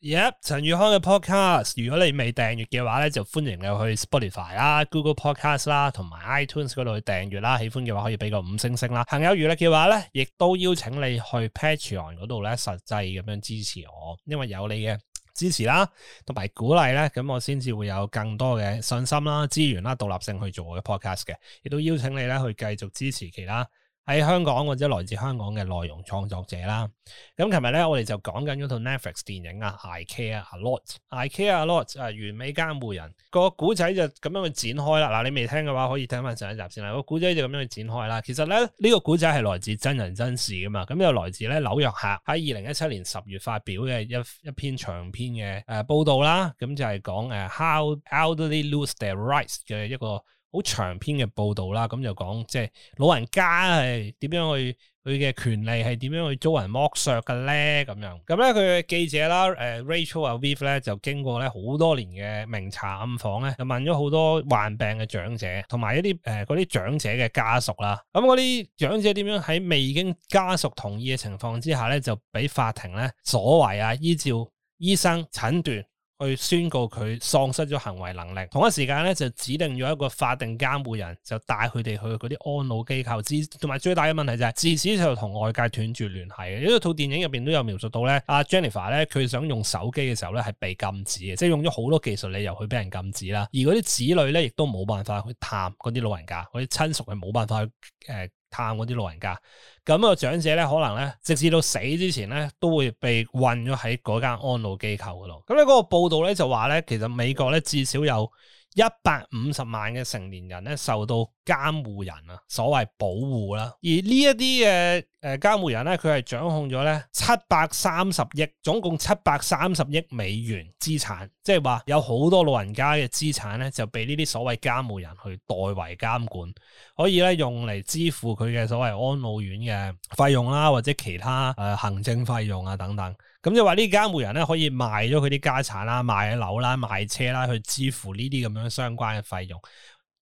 Yep，陳宇康嘅 podcast，如果你未訂閱嘅話咧，就歡迎你去 Spotify 啦、Google Podcast 啦，同埋 iTunes 嗰度去訂閱啦。喜歡嘅話可以俾個五星星啦。朋友餘力嘅話咧，亦都邀請你去 Patreon 嗰度咧，實際咁樣支持我，因為有你嘅支持啦，同埋鼓勵咧，咁我先至會有更多嘅信心啦、資源啦、獨立性去做我嘅 podcast 嘅。亦都邀請你咧去繼續支持其他。喺香港或者來自香港嘅內容創作者啦，咁琴日咧我哋就講緊嗰套 Netflix 電影啊，I care a lot，I care a lot 啊、呃，完美監護人、這個故仔就咁樣去展開啦。嗱、啊，你未聽嘅話，可以聽翻上一集先啦。這個故仔就咁樣去展開啦。其實咧，呢、這個故仔係來自真人真事噶嘛。咁、嗯、又來自咧紐約客喺二零一七年十月發表嘅一一篇長篇嘅誒、呃、報道啦。咁、嗯、就係講誒 how elderly lose their rights 嘅一個。好長篇嘅報道啦，咁就講即係老人家係點樣去佢嘅權利係點樣去遭人剝削嘅咧？咁樣咁咧佢嘅記者啦，誒、呃、Rachel 啊 Aviv 咧，就經過咧好多年嘅明查暗訪咧，就問咗好多患病嘅長者，同埋一啲誒嗰啲長者嘅家屬啦。咁嗰啲長者點樣喺未經家屬同意嘅情況之下咧，就俾法庭咧所謂啊？依照醫生診斷。去宣告佢喪失咗行為能力，同一時間咧就指定咗一個法定監護人，就帶佢哋去嗰啲安老機構之，同埋最大嘅問題就係、是、自此就同外界斷絕聯繫嘅。因為套電影入邊都有描述到咧，阿、啊、Jennifer 咧佢想用手機嘅時候咧係被禁止嘅，即係用咗好多技術理由去俾人禁止啦。而嗰啲子女咧亦都冇辦法去探嗰啲老人家，嗰啲親屬係冇辦法去誒，呃探嗰啲老人家，咁、個長者咧，可能咧，直至到死之前咧，都會被韞咗喺嗰間安老機構度。咁咧嗰個報道咧就話咧，其實美國咧至少有一百五十萬嘅成年人咧受到監護人啊所謂保護啦，而呢一啲嘅。誒，監護人咧，佢係掌控咗咧七百三十億，總共七百三十億美元資產，即係話有好多老人家嘅資產咧，就被呢啲所謂監護人去代為監管，可以咧用嚟支付佢嘅所謂安老院嘅費用啦，或者其他誒行政費用啊等等。咁就話呢啲監護人咧可以賣咗佢啲家產啦，賣樓啦，賣車啦，去支付呢啲咁樣相關嘅費用，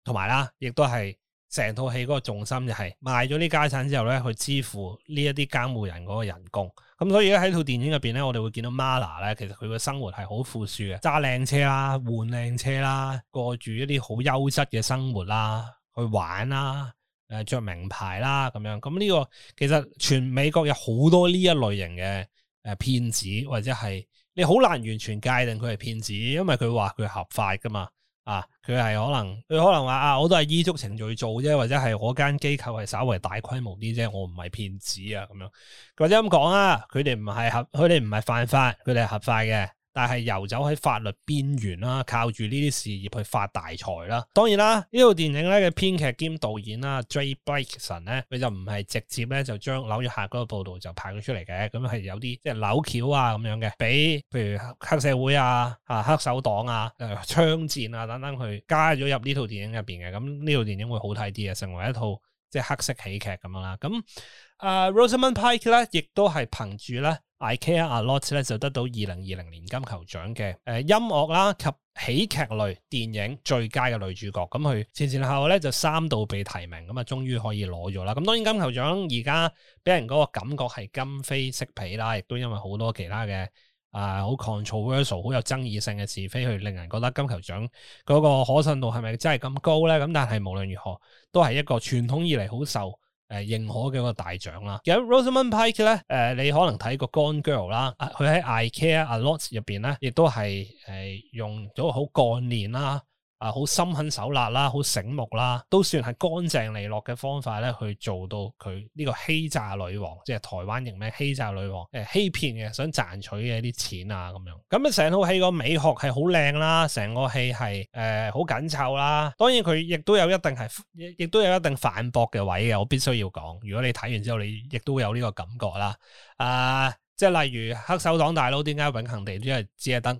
同埋啦，亦都係。成套戲嗰個重心就係、是、賣咗呢家產之後咧，去支付呢一啲監護人嗰個人工。咁、嗯、所以喺套電影入邊咧，我哋會見到 Marla 咧，其實佢嘅生活係好富庶嘅，揸靚車啦，換靚車啦，過住一啲好優質嘅生活啦，去玩啦，誒、呃、着名牌啦，咁樣。咁、嗯、呢、這個其實全美國有好多呢一類型嘅誒騙子，或者係你好難完全界定佢係騙子，因為佢話佢合法㗎嘛。啊！佢係可能佢可能話啊，我都係依足程序做啫，或者係我間機構係稍微大規模啲啫，我唔係騙子啊，咁樣，或者咁講啊，佢哋唔係合，佢哋唔係犯法，佢哋係合法嘅。但係遊走喺法律邊緣啦，靠住呢啲事業去發大財啦。當然啦，呢套電影咧嘅編劇兼導演啦，Jay Blakeson 咧，佢就唔係直接咧就將《紐約客》嗰個報道就拍咗出嚟嘅，咁係有啲即係扭橋啊咁樣嘅，俾譬如黑社會啊、啊黑手黨啊、誒、啊、槍戰啊等等去，去加咗入呢套電影入邊嘅，咁呢套電影會好睇啲啊，成為一套。即係黑色喜劇咁樣啦，咁阿、呃、Rosamund Pike 咧，亦都係憑住咧 I Care a Lot 咧，就得到二零二零年金球獎嘅誒音樂啦及喜劇類電影最佳嘅女主角，咁佢前前後後咧就三度被提名，咁啊終於可以攞咗啦。咁當然金球獎而家俾人嗰個感覺係今非昔比啦，亦都因為好多其他嘅。啊，好 controversial，好有爭議性嘅是非，去令人覺得金球獎嗰個可信度係咪真係咁高咧？咁但係無論如何，都係一個傳統以嚟好受誒、呃、認可嘅一個大獎啦。其實 Rosamund Pike 咧，誒、呃、你可能睇過 Gone Girl 啦，佢、啊、喺 I Care a Lot 入邊咧，亦都係誒用咗好幹練啦。啊！好心狠手辣啦，好醒目啦，都算係乾淨利落嘅方法咧，去做到佢呢個欺詐女王，即係台灣型咩欺詐女王？誒、呃，欺騙嘅，想賺取嘅一啲錢啊，咁樣咁啊，成、嗯、套戲個美學係好靚啦，成個戲係誒好緊湊啦。當然佢亦都有一定係，亦都有一定反駁嘅位嘅，我必須要講。如果你睇完之後，你亦都有呢個感覺啦。啊、呃，即係例如黑手黨大佬點解永恆地都係只一燈？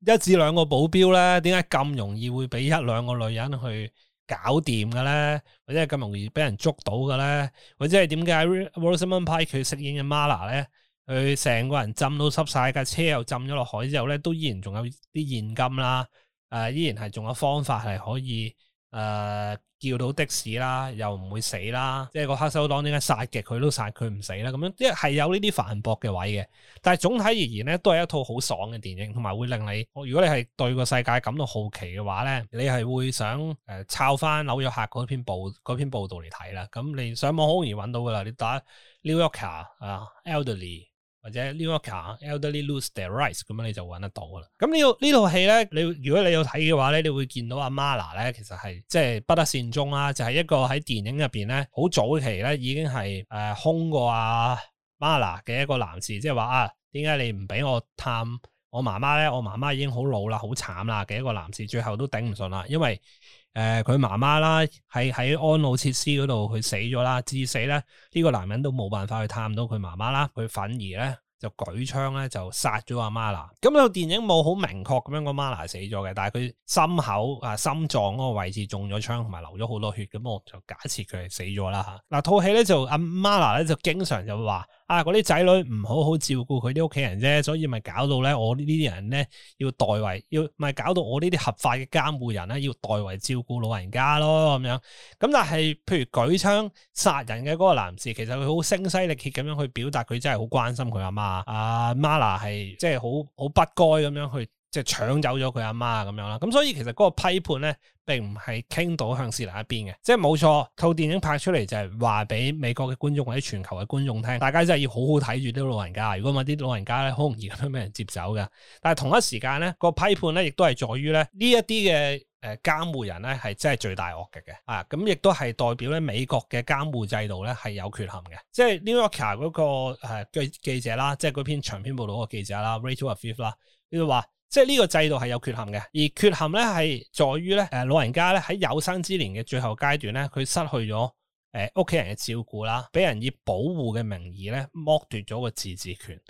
一至兩個保鏢咧，點解咁容易會俾一兩個女人去搞掂嘅咧？或者係咁容易俾人捉到嘅咧？或者係點解 Rosamund Pike 派佢飾演嘅 Marla 咧，佢成個人浸到濕晒，架車又浸咗落海之後咧，都依然仲有啲現金啦，誒、呃，依然係仲有方法係可以。誒、呃，叫到的士啦，又唔會死啦，即係個黑手黨點解殺極佢都殺佢唔死啦？咁樣即係有呢啲反駁嘅位嘅，但係總體而言咧，都係一套好爽嘅電影，同埋會令你，如果你係對個世界感到好奇嘅話咧，你係會想誒抄翻紐約客嗰篇報嗰篇報道嚟睇啦。咁你上網好容易揾到噶啦，你打 New Yorker 啊，elderly。或者 New Yorker elderly lose their rights 咁樣你就搵得到啦。咁呢個呢套戲咧，你如果你有睇嘅話咧，你會見到阿 Marla 咧，其實係即係不得善終啦、啊。就係、是、一個喺電影入邊咧，好早期咧已經係誒控過阿 Marla 嘅一個男士，即係話啊，點解你唔俾我探？我媽媽咧，我媽媽已經好老啦，好慘啦嘅一個男士，最後都頂唔順啦。因為誒佢媽媽啦，喺、呃、喺安老設施嗰度佢死咗啦。至死咧呢，這個男人都冇辦法去探到佢媽媽啦。佢反而咧就舉槍咧就殺咗阿媽啦。咁、那、套、個、電影冇好明確咁樣個媽啦死咗嘅，但係佢心口啊心臟嗰個位置中咗槍同埋流咗好多血咁，我就假設佢係死咗啦吓。嗱套戲咧就阿媽啦咧就經常就話。啊！嗰啲仔女唔好好照顧佢啲屋企人啫，所以咪搞到咧，我呢啲人咧要代為，要咪搞到我呢啲合法嘅監護人咧要代為照顧老人家咯，咁樣。咁但係，譬如舉槍殺人嘅嗰個男士，其實佢好聲嘶力竭咁樣去表達佢真係好關心佢阿媽。阿媽係即係好好不該咁樣去。就搶走咗佢阿媽咁樣啦，咁、嗯、所以其實嗰個批判咧並唔係傾到向斯納一邊嘅，即係冇錯，套電影拍出嚟就係話俾美國嘅觀眾或者全球嘅觀眾聽，大家真係要好好睇住啲老人家。如果冇啲老人家咧，好容易俾俾人接走嘅。但係同一時間咧，個批判咧亦都係在於咧呢一啲嘅誒監護人咧係真係最大惡極嘅啊！咁亦都係代表咧美國嘅監護制度咧係有缺陷嘅。即係 New Yorker 嗰個誒、啊、記者啦，即係嗰篇長篇報導個記者啦，Rachel Aviv 啦，呢度話。即係呢個制度係有缺陷嘅，而缺陷咧係在於咧，誒老人家咧喺有生之年嘅最後階段咧，佢失去咗誒屋企人嘅照顧啦，俾人以保護嘅名義咧剝奪咗個自治權。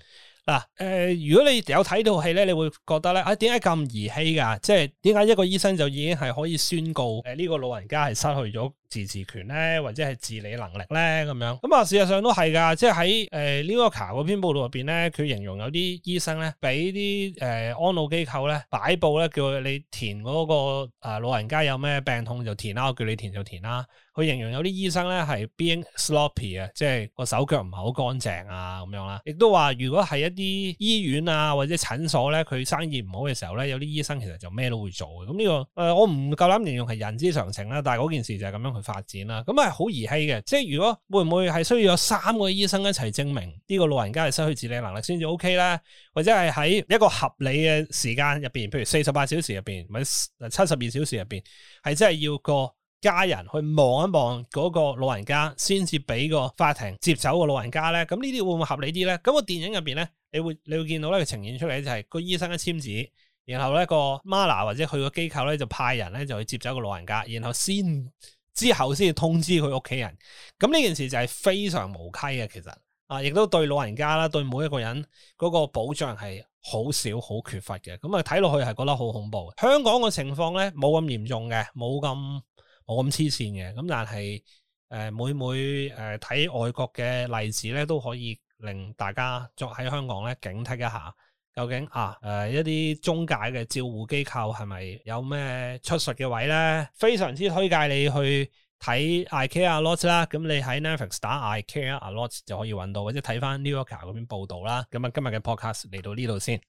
嗱、啊，誒、呃、如果你有睇到戲咧，你會覺得咧，啊，點解咁兒戲噶？即係點解一個醫生就已經係可以宣告誒呢個老人家係失去咗？自治權咧，或者係治理能力咧，咁樣咁啊，事實上都係㗎，即係喺誒呢個卡嗰篇報道入邊咧，佢形容有啲醫生咧，俾啲誒安老機構咧擺布咧，叫你填嗰、那個、呃、老人家有咩病痛就填啦，我叫你填就填啦。佢形容有啲醫生咧係 being sloppy 啊，即係個手腳唔係好乾淨啊咁樣啦。亦都話，如果係一啲醫院啊或者診所咧，佢生意唔好嘅時候咧，有啲醫生其實就咩都會做嘅。咁、嗯、呢、這個誒、呃、我唔夠膽形容係人之常情啦，但係嗰件事就係咁樣。去發展啦，咁係好兒戲嘅，即係如果會唔會係需要有三個醫生一齊證明呢個老人家係失去自理能力先至 OK 咧，或者係喺一個合理嘅時間入邊，譬如四十八小時入邊，或者七十二小時入邊，係真係要個家人去望一望嗰個老人家，先至俾個法庭接走個老人家咧。咁呢啲會唔會合理啲咧？咁、個電影入邊咧，你會你會見到咧，佢呈現出嚟就係個醫生一簽字，然後咧、個 Marla 或者佢個機構咧就派人咧就去接走個老人家，然後先。之後先通知佢屋企人，咁呢件事就係非常無稽嘅，其實啊，亦都對老人家啦，對每一個人嗰個保障係好少好缺乏嘅，咁啊睇落去係覺得好恐怖。香港嘅情況咧冇咁嚴重嘅，冇咁冇咁黐線嘅，咁但係、呃、每每誒睇、呃、外國嘅例子呢，都可以令大家作喺香港咧警惕一下。究竟啊，誒、呃、一啲中介嘅照護機構係咪有咩出術嘅位呢？非常之推介你去睇 I Care A Lot 啦，咁你喺 Netflix 打 I Care A Lot 就可以揾到，或者睇翻 New Yorker 嗰邊報道啦。咁啊，今日嘅 podcast 嚟到呢度先。